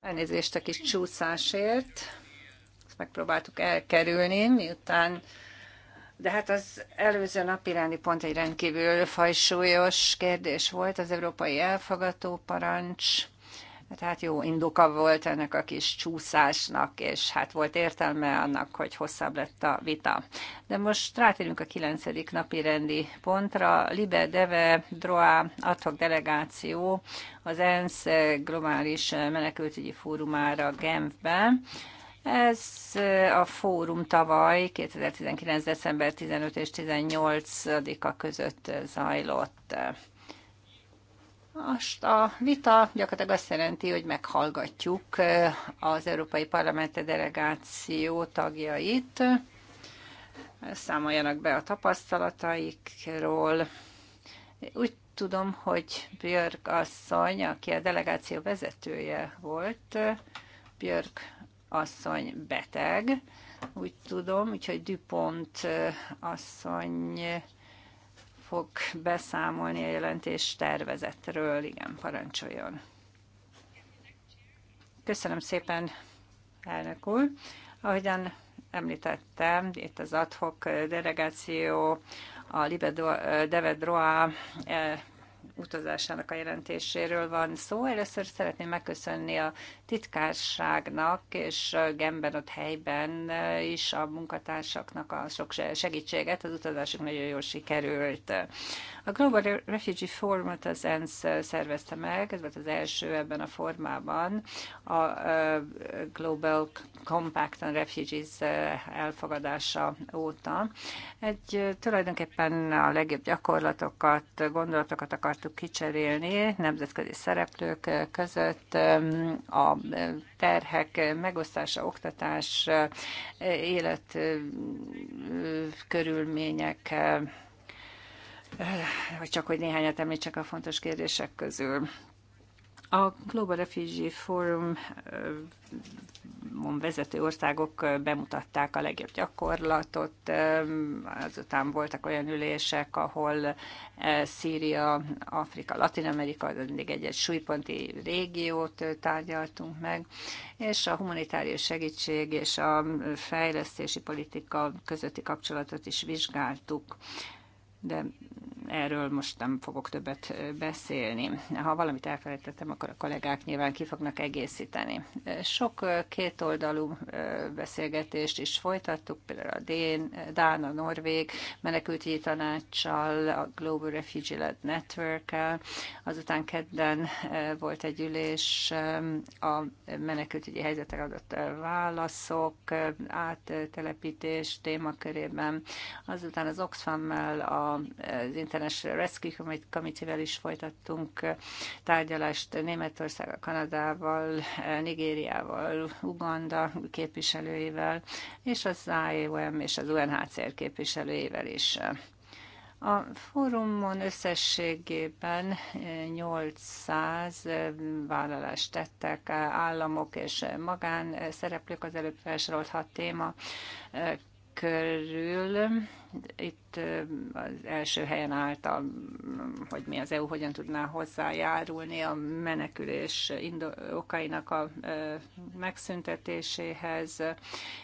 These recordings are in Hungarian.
Elnézést a kis csúszásért. Ezt megpróbáltuk elkerülni, miután de hát az előző napirendi pont egy rendkívül fajsúlyos kérdés volt, az európai elfogató parancs. Tehát jó indoka volt ennek a kis csúszásnak, és hát volt értelme annak, hogy hosszabb lett a vita. De most rátérünk a kilencedik napi rendi pontra. Libe Deve Droa adhok delegáció az ENSZ globális menekültügyi fórumára Genfben. Ez a fórum tavaly 2019. december 15 és 18-a között zajlott. Most a vita gyakorlatilag azt jelenti, hogy meghallgatjuk eh, az Európai Parlament delegáció tagjait, számoljanak be a tapasztalataikról. Úgy tudom, hogy Björk asszony, aki a delegáció vezetője volt, Björk asszony beteg, úgy tudom, úgyhogy Dupont eh, asszony fog beszámolni a jelentés tervezetről. Igen, parancsoljon. Köszönöm szépen, elnök úr. Ahogyan említettem, itt az adhok delegáció, a Devedroa eh, utazásának a jelentéséről van szó. Először szeretném megköszönni a titkárságnak, és gemben ott helyben is a munkatársaknak a sok segítséget, az utazásuk nagyon jól sikerült. A Global Refugee Forumot az ENSZ szervezte meg, ez volt az első ebben a formában, a Global Compact on Refugees elfogadása óta. Egy tulajdonképpen a legjobb gyakorlatokat, gondolatokat akartuk kicserélni nemzetközi szereplők között a terhek megosztása, oktatás, életkörülmények, vagy csak hogy néhányat említsek a fontos kérdések közül. A Global Refugee Forum vezető országok bemutatták a legjobb gyakorlatot, azután voltak olyan ülések, ahol Szíria, Afrika, Latin Amerika, mindig egy-egy súlyponti régiót tárgyaltunk meg, és a humanitárius segítség és a fejlesztési politika közötti kapcsolatot is vizsgáltuk de erről most nem fogok többet beszélni. Ha valamit elfelejtettem, akkor a kollégák nyilván ki fognak egészíteni. Sok kétoldalú beszélgetést is folytattuk, például a Dén, Dán, a Norvég menekültügyi tanácssal, a Global Refugee Network-el. Azután kedden volt egy ülés a menekültügyi helyzetek adott válaszok, áttelepítés témakörében. Azután az Oxfam-mel az internet International Rescue Committee-vel is folytattunk eh, tárgyalást Németországgal, Kanadával, eh, Nigériával, Uganda képviselőivel, és az AEOM és az UNHCR képviselőivel is. A fórumon összességében 800 eh, vállalást tettek államok és magánszereplők az előbb felsorolt hat téma körül, itt az első helyen állt, a, hogy mi az EU hogyan tudná hozzájárulni a menekülés okainak a megszüntetéséhez,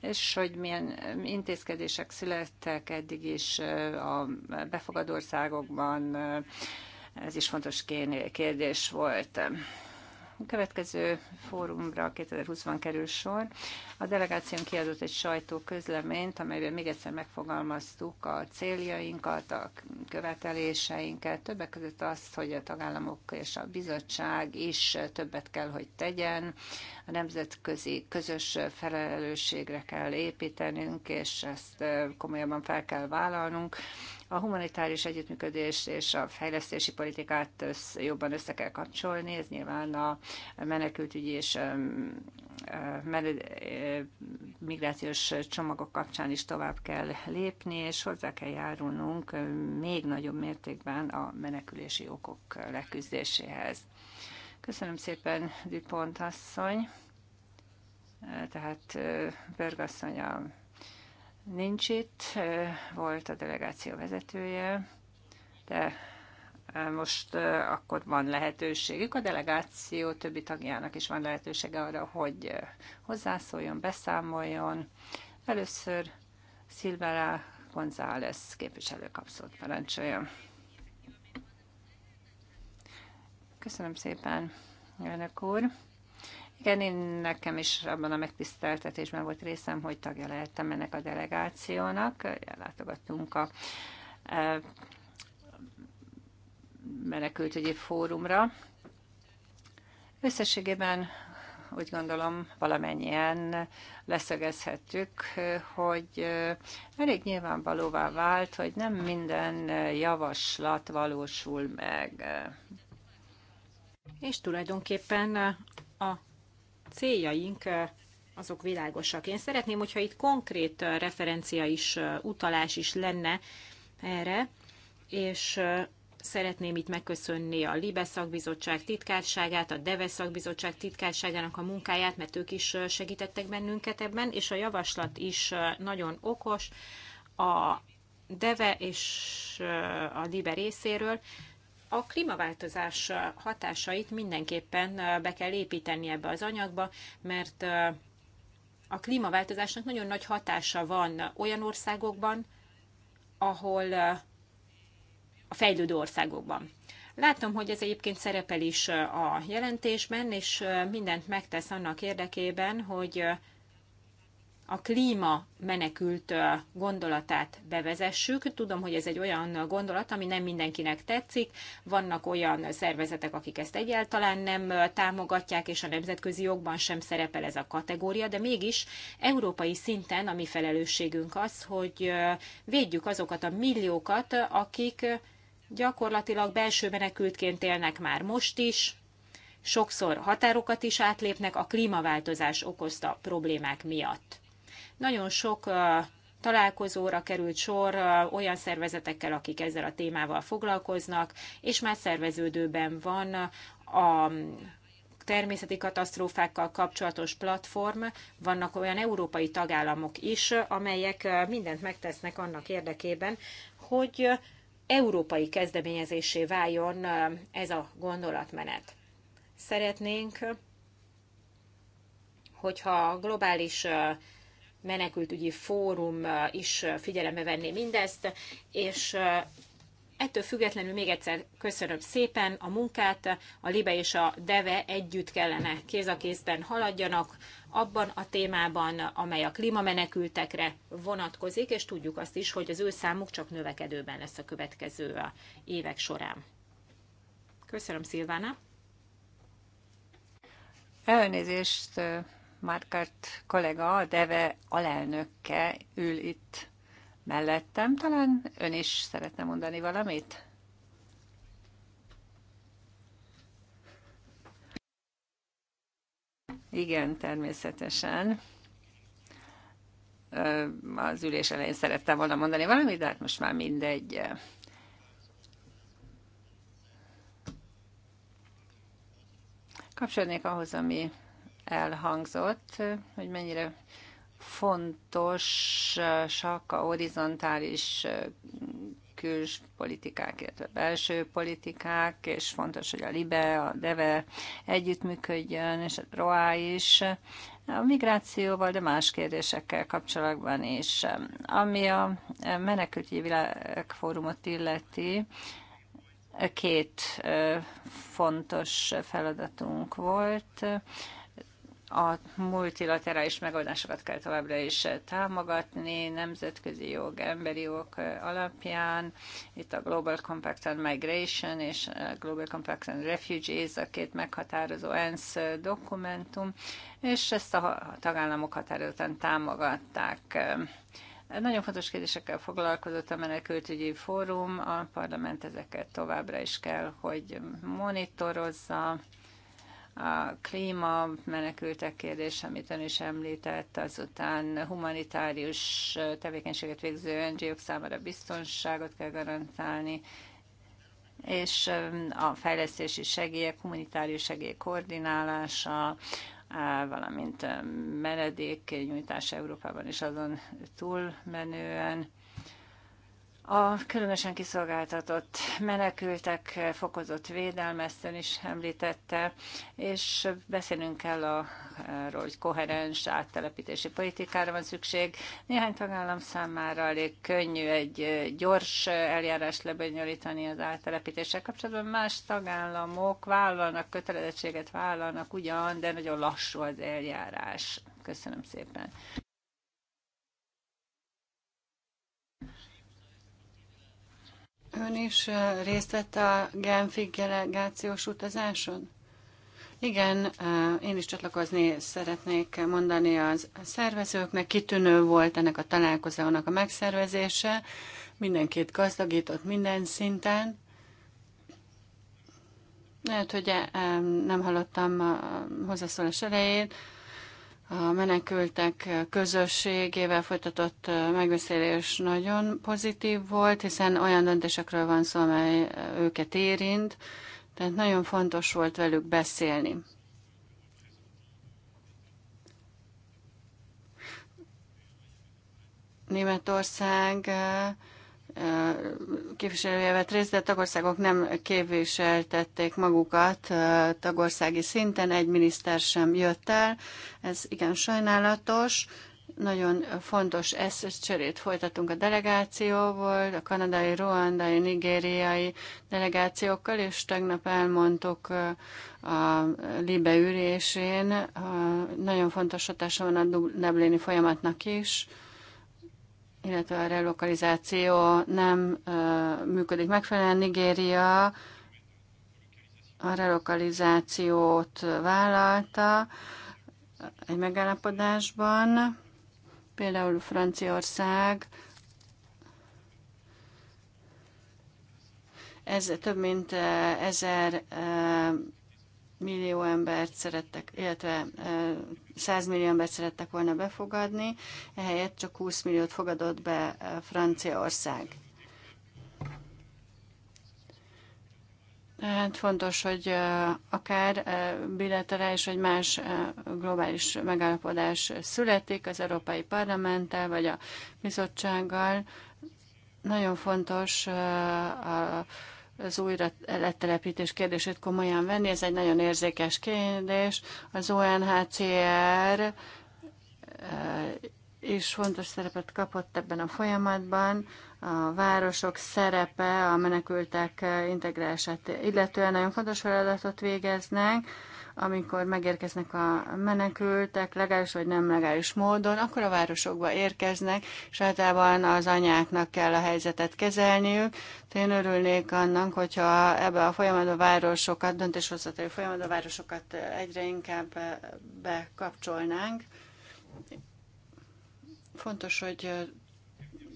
és hogy milyen intézkedések születtek eddig is a befogadó országokban, ez is fontos kérdés volt. A következő fórumra 2020-ban kerül sor. A delegáción kiadott egy sajtóközleményt, amelyben még egyszer megfogalmaztuk a céljainkat, a követeléseinket, többek között azt, hogy a tagállamok és a bizottság is többet kell, hogy tegyen, a nemzetközi közös felelősségre kell építenünk, és ezt komolyabban fel kell vállalnunk. A humanitárius együttműködést és a fejlesztési politikát össz, jobban össze kell kapcsolni, ez nyilván a menekültügyi és eh, migrációs csomagok kapcsán is tovább kell lépni, és hozzá kell járulnunk még nagyobb mértékben a menekülési okok leküzdéséhez. Köszönöm szépen, Dupont asszony. Eh, tehát eh, Bergasszony a nincs itt, volt a delegáció vezetője, de most akkor van lehetőségük, a delegáció többi tagjának is van lehetősége arra, hogy hozzászóljon, beszámoljon. Először Szilvára González képviselő kapszót parancsoljon. Köszönöm szépen, elnök úr! Igen, én nekem is abban a megtiszteltetésben volt részem, hogy tagja lehettem ennek a delegációnak. Ellátogattunk a e, menekültügyi fórumra. Összességében úgy gondolom valamennyien leszögezhettük, hogy e, elég nyilvánvalóvá vált, hogy nem minden javaslat valósul meg. És tulajdonképpen céljaink azok világosak. Én szeretném, hogyha itt konkrét referencia is, utalás is lenne erre, és szeretném itt megköszönni a Libe szakbizottság titkárságát, a Deve szakbizottság titkárságának a munkáját, mert ők is segítettek bennünket ebben, és a javaslat is nagyon okos a Deve és a Libe részéről, a klímaváltozás hatásait mindenképpen be kell építeni ebbe az anyagba, mert a klímaváltozásnak nagyon nagy hatása van olyan országokban, ahol a fejlődő országokban. Látom, hogy ez egyébként szerepel is a jelentésben, és mindent megtesz annak érdekében, hogy a klíma menekült gondolatát bevezessük. Tudom, hogy ez egy olyan gondolat, ami nem mindenkinek tetszik. Vannak olyan szervezetek, akik ezt egyáltalán nem támogatják, és a nemzetközi jogban sem szerepel ez a kategória, de mégis európai szinten a mi felelősségünk az, hogy védjük azokat a milliókat, akik gyakorlatilag belső menekültként élnek már most is, sokszor határokat is átlépnek a klímaváltozás okozta problémák miatt. Nagyon sok találkozóra került sor olyan szervezetekkel, akik ezzel a témával foglalkoznak, és már szerveződőben van a természeti katasztrófákkal kapcsolatos platform, vannak olyan európai tagállamok is, amelyek mindent megtesznek annak érdekében, hogy európai kezdeményezésé váljon ez a gondolatmenet. Szeretnénk, hogyha globális menekültügyi fórum is figyelembe venné mindezt, és ettől függetlenül még egyszer köszönöm szépen a munkát, a Libe és a Deve együtt kellene kéz a kézben haladjanak abban a témában, amely a klímamenekültekre vonatkozik, és tudjuk azt is, hogy az ő számuk csak növekedőben lesz a következő évek során. Köszönöm, Szilvána! Elnézést Márkárt kollega, a DEVE alelnökke ül itt mellettem. Talán ön is szeretne mondani valamit? Igen, természetesen. Az ülés elején szerettem volna mondani valamit, de hát most már mindegy. Kapcsolnék ahhoz, ami elhangzott, hogy mennyire fontosak a horizontális politikák, illetve belső politikák, és fontos, hogy a LIBE, a DEVE együttműködjön, és a ROA is, a migrációval, de más kérdésekkel kapcsolatban is. Ami a menekültügyi világfórumot illeti, két fontos feladatunk volt a multilaterális megoldásokat kell továbbra is támogatni, nemzetközi jog, emberi jog alapján. Itt a Global Compact on Migration és a Global Compact on Refugees a két meghatározó ENSZ dokumentum, és ezt a tagállamok határozottan támogatták. Nagyon fontos kérdésekkel foglalkozott a menekültügyi fórum, a parlament ezeket továbbra is kell, hogy monitorozza a klíma menekültek kérdés, amit ön is említett, azután humanitárius tevékenységet végző NGO-k számára biztonságot kell garantálni, és a fejlesztési segélyek, humanitárius segély koordinálása, valamint menedék nyújtása Európában is azon túlmenően a különösen kiszolgáltatott menekültek fokozott védelme, ezt ön is említette, és beszélnünk kell arról, hogy koherens áttelepítési politikára van szükség. Néhány tagállam számára elég könnyű egy gyors eljárást lebonyolítani az áttelepítéssel kapcsolatban. Más tagállamok vállalnak, kötelezettséget vállalnak ugyan, de nagyon lassú az eljárás. Köszönöm szépen. Ön is részt vett a Genfi delegációs utazáson? Igen, én is csatlakozni szeretnék mondani az szervezőknek. Kitűnő volt ennek a találkozónak a megszervezése. Mindenkit gazdagított minden szinten. Lehet, hogy nem hallottam a hozzászólás elejét a menekültek közösségével folytatott megbeszélés nagyon pozitív volt, hiszen olyan döntésekről van szó, amely őket érint, tehát nagyon fontos volt velük beszélni. Németország képviselője vett részt, de a tagországok nem képviseltették magukat tagországi szinten, egy miniszter sem jött el. Ez igen sajnálatos. Nagyon fontos eszcserét folytatunk a delegációval, a kanadai, ruandai, nigériai delegációkkal, és tegnap elmondtuk a Libe ürésén, nagyon fontos hatása van a Dublini folyamatnak is illetve a relokalizáció nem működik megfelelően. Nigéria a relokalizációt vállalta egy megállapodásban, például Franciaország ez több mint ezer millió embert szerettek, illetve 100 millió embert szerettek volna befogadni, ehelyett csak 20 milliót fogadott be Franciaország. Hát fontos, hogy akár bilaterális vagy más globális megállapodás születik az Európai Parlamenttel vagy a bizottsággal. Nagyon fontos a az újra letelepítés kérdését komolyan venni. Ez egy nagyon érzékes kérdés. Az ONHCR eh, is fontos szerepet kapott ebben a folyamatban. A városok szerepe a menekültek eh, integrálását illetően nagyon fontos feladatot végeznek amikor megérkeznek a menekültek, legális vagy nem legális módon, akkor a városokba érkeznek, és általában az anyáknak kell a helyzetet kezelniük. én örülnék annak, hogyha ebbe a folyamatban városokat, döntéshozatai folyamatban városokat egyre inkább eh, bekapcsolnánk. Fontos, hogy eh,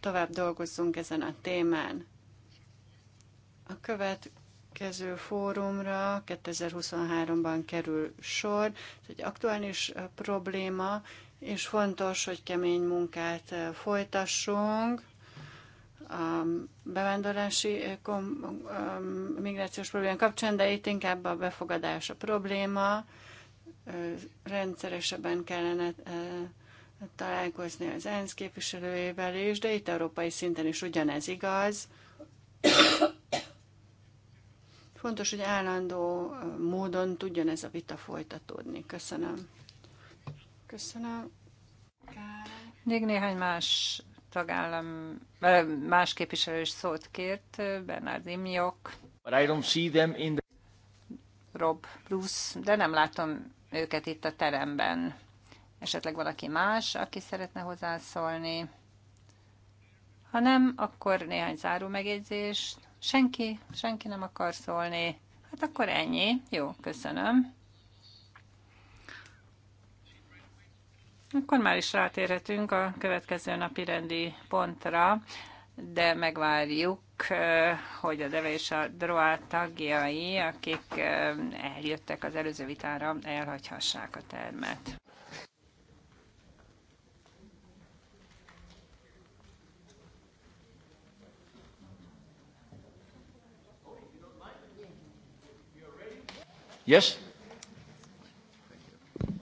tovább dolgozzunk ezen a témán. A követ következő fórumra 2023-ban kerül sor. Ez egy aktuális probléma, és fontos, hogy kemény munkát folytassunk a bevándorlási kom, migrációs probléma kapcsán, de itt inkább a befogadás a probléma. Rendszeresebben kellene találkozni az ENSZ képviselőjével is, de itt európai szinten is ugyanez igaz. Fontos, hogy állandó módon tudjon ez a vita folytatódni. Köszönöm. Köszönöm. Még néhány más tagállam, más képviselő is szót kért, Bernard Imjok. But I don't see them in the... Rob Bruce, de nem látom őket itt a teremben. Esetleg valaki más, aki szeretne hozzászólni. Ha nem, akkor néhány záró megjegyzés. Senki, senki nem akar szólni. Hát akkor ennyi. Jó, köszönöm. Akkor már is rátérhetünk a következő napi rendi pontra, de megvárjuk, hogy a Deve és a Droá tagjai, akik eljöttek az előző vitára, elhagyhassák a termet. Yes?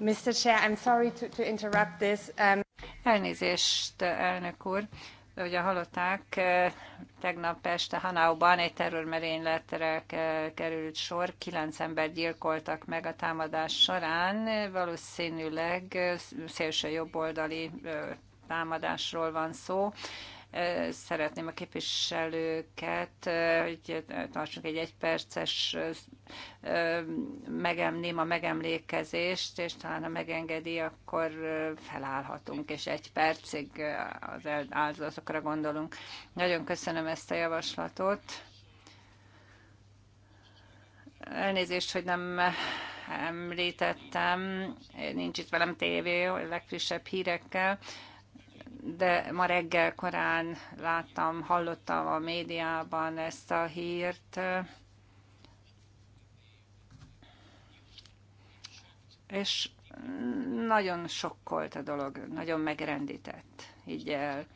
Mr. Chair, I'm sorry to, to interrupt this. Um... Elnézést, elnök úr. De ugye hallották, eh, tegnap este Hanauban egy terrormerényletre került sor, kilenc ember gyilkoltak meg a támadás során, valószínűleg eh, szélső jobboldali eh, támadásról van szó. Szeretném a képviselőket, hogy tartsunk egy egyperces megemném a megemlékezést, és talán ha megengedi, akkor felállhatunk, és egy percig az áldozatokra gondolunk. Nagyon köszönöm ezt a javaslatot. Elnézést, hogy nem említettem, nincs itt velem tévé, a legfrissebb hírekkel de ma reggel korán láttam, hallottam a médiában ezt a hírt. És nagyon sokkolt a dolog, nagyon megrendített. Így el.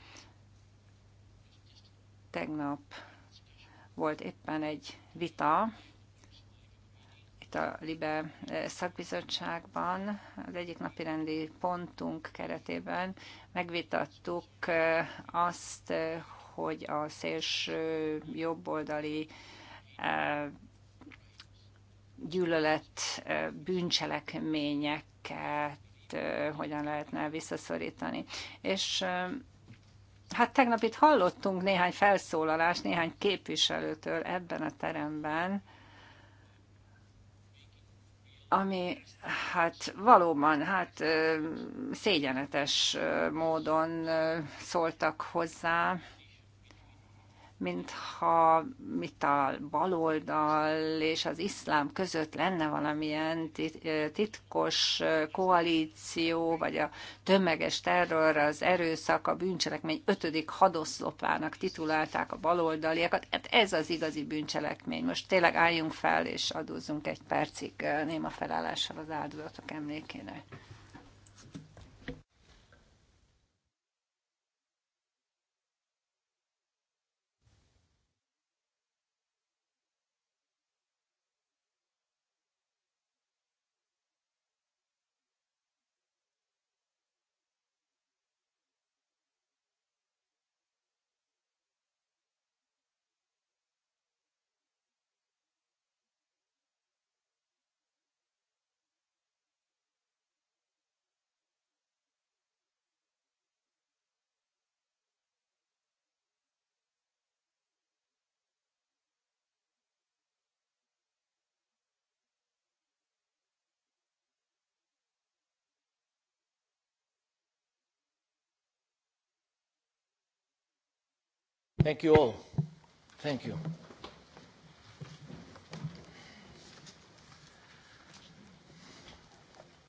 Tegnap volt éppen egy vita itt a LIBE eh, szakbizottságban az egyik rendi pontunk keretében megvitattuk eh, azt, eh, hogy a szélső jobboldali gyűlölet bűncselekményeket hogyan lehetne visszaszorítani. És hát tegnap itt hallottunk néhány felszólalást néhány képviselőtől ebben a teremben, ami hát valóban hát szégyenletes módon szóltak hozzá, mintha mit a baloldal és az iszlám között lenne valamilyen titkos koalíció, vagy a tömeges terror, az erőszak, a bűncselekmény ötödik hadoszlopának titulálták a baloldaliakat. Hát ez az igazi bűncselekmény. Most tényleg álljunk fel, és adózzunk egy percig néma felállással az áldozatok emlékének. Thank you all. Thank you.